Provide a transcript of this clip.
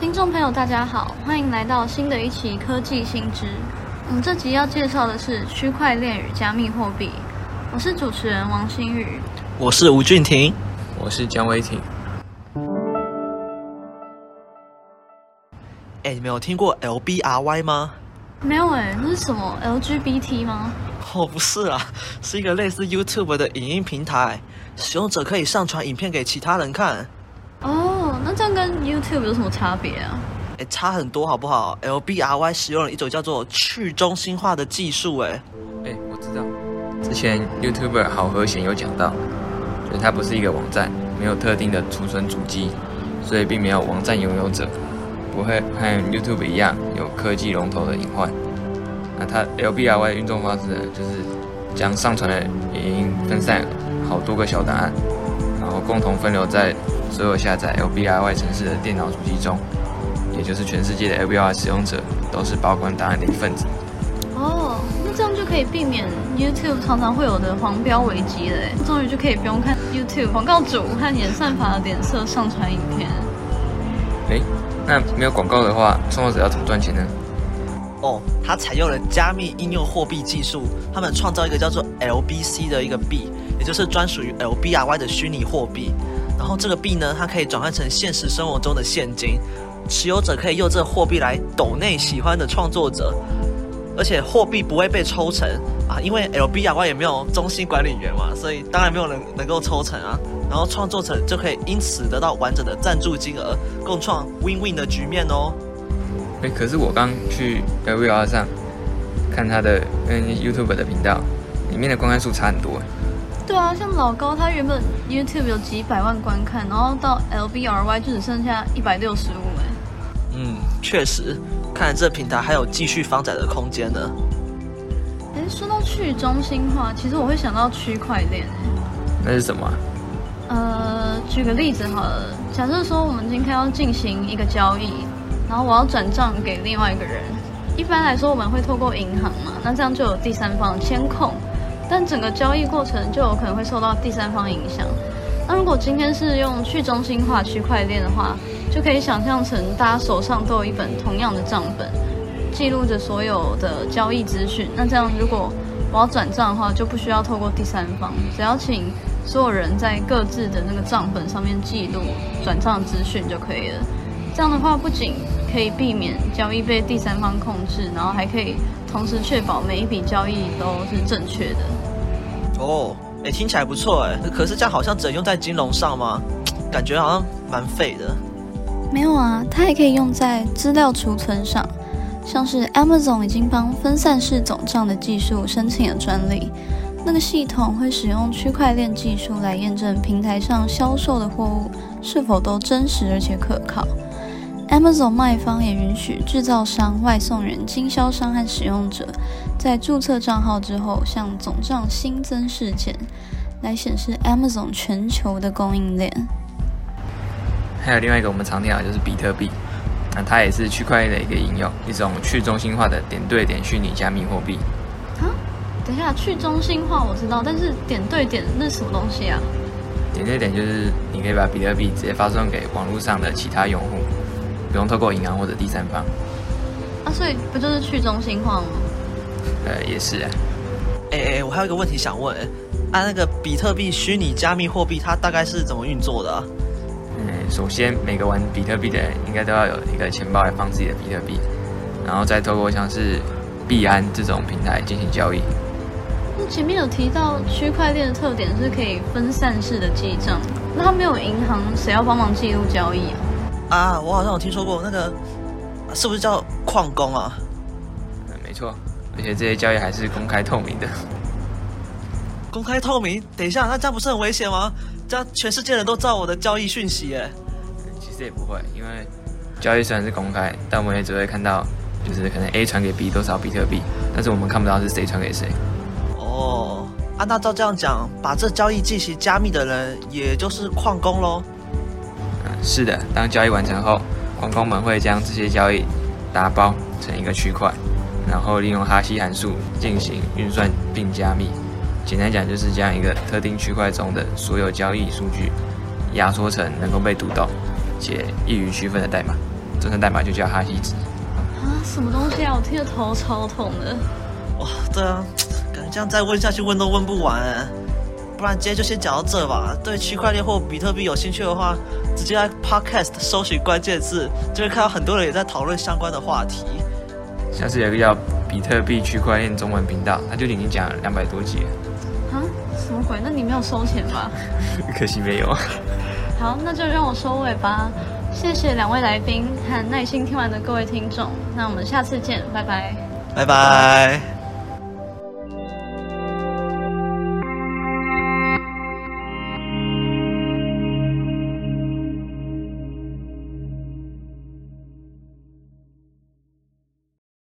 聽眾朋友，大家好，歡迎來到新的一期《科技新知》。我們這集要介紹的是區塊鏈與加密貨幣。我是主持人王心妤，我是吳俊廷，我是江威廷。哎，你們有聽過 L B R Y 嗎？沒有哎，那是什麼？L G B T 嗎？哦，不是啊，是一個類似 YouTube 的影音平台，使用者可以上傳影片給其他人看。哦。那這樣跟 YouTube 有什麼差別啊？誒、欸，差很多，好不好？LBRY 使用了一種叫做去中心化的技術，欸，誒，誒，我知道，之前 YouTuber 好和弦有講到，所以它不是一個網站，沒有特定的儲存主機，所以並沒有網站擁有者，不會和 YouTube 一樣有科技龍頭的隱患。那它 LBRY 運動方式就是將上傳的影音分散好多個小檔案，然後共同分流在。所有下載 L B I Y 城市的電腦主機中，也就是全世界的 L B I 使用者，都是包管答案的一份子。哦，oh, 那這樣就可以避免 YouTube 常常會有的黃標危機了。終於就可以不用看 YouTube 廣告主和演算法的臉色上傳影片。哎、欸，那沒有廣告的話，創作者要怎麼賺錢呢？哦，它採用了加密應用貨幣技術，他們創造一個叫做 L B C 的一個 b 也就是專屬於 L B I Y 的虛擬貨幣。然後這個幣呢，它可以轉換成現實生活中的現金，持有者可以用這個貨幣來斗內喜歡的創作者，而且貨幣不會被抽成啊，因為 L B R 也沒有中心管理員嘛，所以當然沒有人能，能夠抽成啊。然後創作者就可以因此得到完整的贊助金額，共創 win-win win 的局面哦。誒，可是我剛去 L B R 上看他的跟 YouTuber 的頻道，裡面的觀看數差很多。對啊，像老高他原本 YouTube 有幾百萬觀看，然後到 LBRY 就只剩下一百六十五哎。嗯，確實，看來這平台還有繼續發展的空間呢。哎，說到去中心化，其實我會想到區塊鏈。那是什麼？呃，舉個例子好了，假設說我們今天要進行一個交易，然後我要轉賬給另外一個人，一般來說我們會透過銀行嘛，那這樣就有第三方監控。但整個交易過程就有可能會受到第三方影響。那如果今天是用去中心化區塊鏈的話，就可以想象成大家手上都有一本同樣的賬本，記錄着所有的交易資訊。那這樣，如果我要轉賬的話，就不需要透過第三方，只要請所有人在各自的那個賬本上面記錄轉賬資訊就可以了。這樣的話，不僅可以避免交易被第三方控制，然後還可以同時確保每一筆交易都是正確的。哦，誒，聽起來不錯誒，可是這樣好像只能用在金融上嗎？感覺好像蠻廢的。沒有啊，它還可以用在資料儲存上。像是 Amazon 已經幫分散式總賬的技術申請了專利。那個系統會使用區塊鏈技術來驗證平台上銷售的貨物是否都真實而且可靠。Amazon 賣方也允許製造商、外送人、經銷商和使用者在註冊賬號之後，向總賬新增事件，來顯示 Amazon 全球的供應鏈。還有另外一個我們常聽到就是比特幣，那、啊、它也是區塊鏈的一個應用，一種去中心化的點對點虛擬加密貨幣。啊，等一下，去中心化我知道，但是點對點那是什麼東西啊？點對點就是你可以把比特幣直接發送給網絡上的其他用戶。不用透過銀行或者第三方，啊，所以不就是去中心化嗎？呃，也是。哎哎，欸，我還有一個問題想問，啊，那個比特幣、虛擬加密貨幣它大概是怎麼運作的啊？嗯，首先每個玩比特幣的人應該都要有一個錢包來放自己的比特幣，然後再透過像是幣安這種平台進行交易。那前面有提到區塊鏈的特點是可以分散式的記賬，那它沒有銀行，誰要幫忙記錄交易啊？啊，我好像有聽說過那個，是不是叫礦工啊？嗯，沒錯，而且這些交易還是公開透明的。公開透明？等一下，那這樣不是很危險嗎？這樣全世界人都知道我的交易訊息耶。嗯，其實也不會，因為交易雖然是公開，但我們也只會看到，就是可能 A 傳給 B 多少比特幣，但是我們看不到是誰傳給誰。哦，啊，那照這樣講，把這交易進行加密的人，也就是礦工嘍。是的，當交易完成後，礦工們會將這些交易打包成一個區塊，然後利用哈希函數進行運算並加密。簡單講，就是將一個特定區塊中的所有交易數據壓縮成能夠被讀到且易於區分的代碼，這份代碼就叫哈希值。啊，什麼東西啊！我聽得頭超痛的。哇，對啊，感覺這樣再問下去問都問不完，不然今天就先講到這吧。對區塊鏈或比特幣有興趣的話。直接在 Podcast 搜尋關鍵字，就會、是、看到很多人也在討論相關的話題。下次有一個叫“比特幣區塊鏈”中文頻道，他就已經講兩百多集了。啊，什麼鬼？那你沒有收錢吧？ 可惜沒有。好，那就讓我收尾吧。謝謝兩位來賓和耐心聽完的各位聽眾。那我們下次見，拜拜。拜拜。拜拜。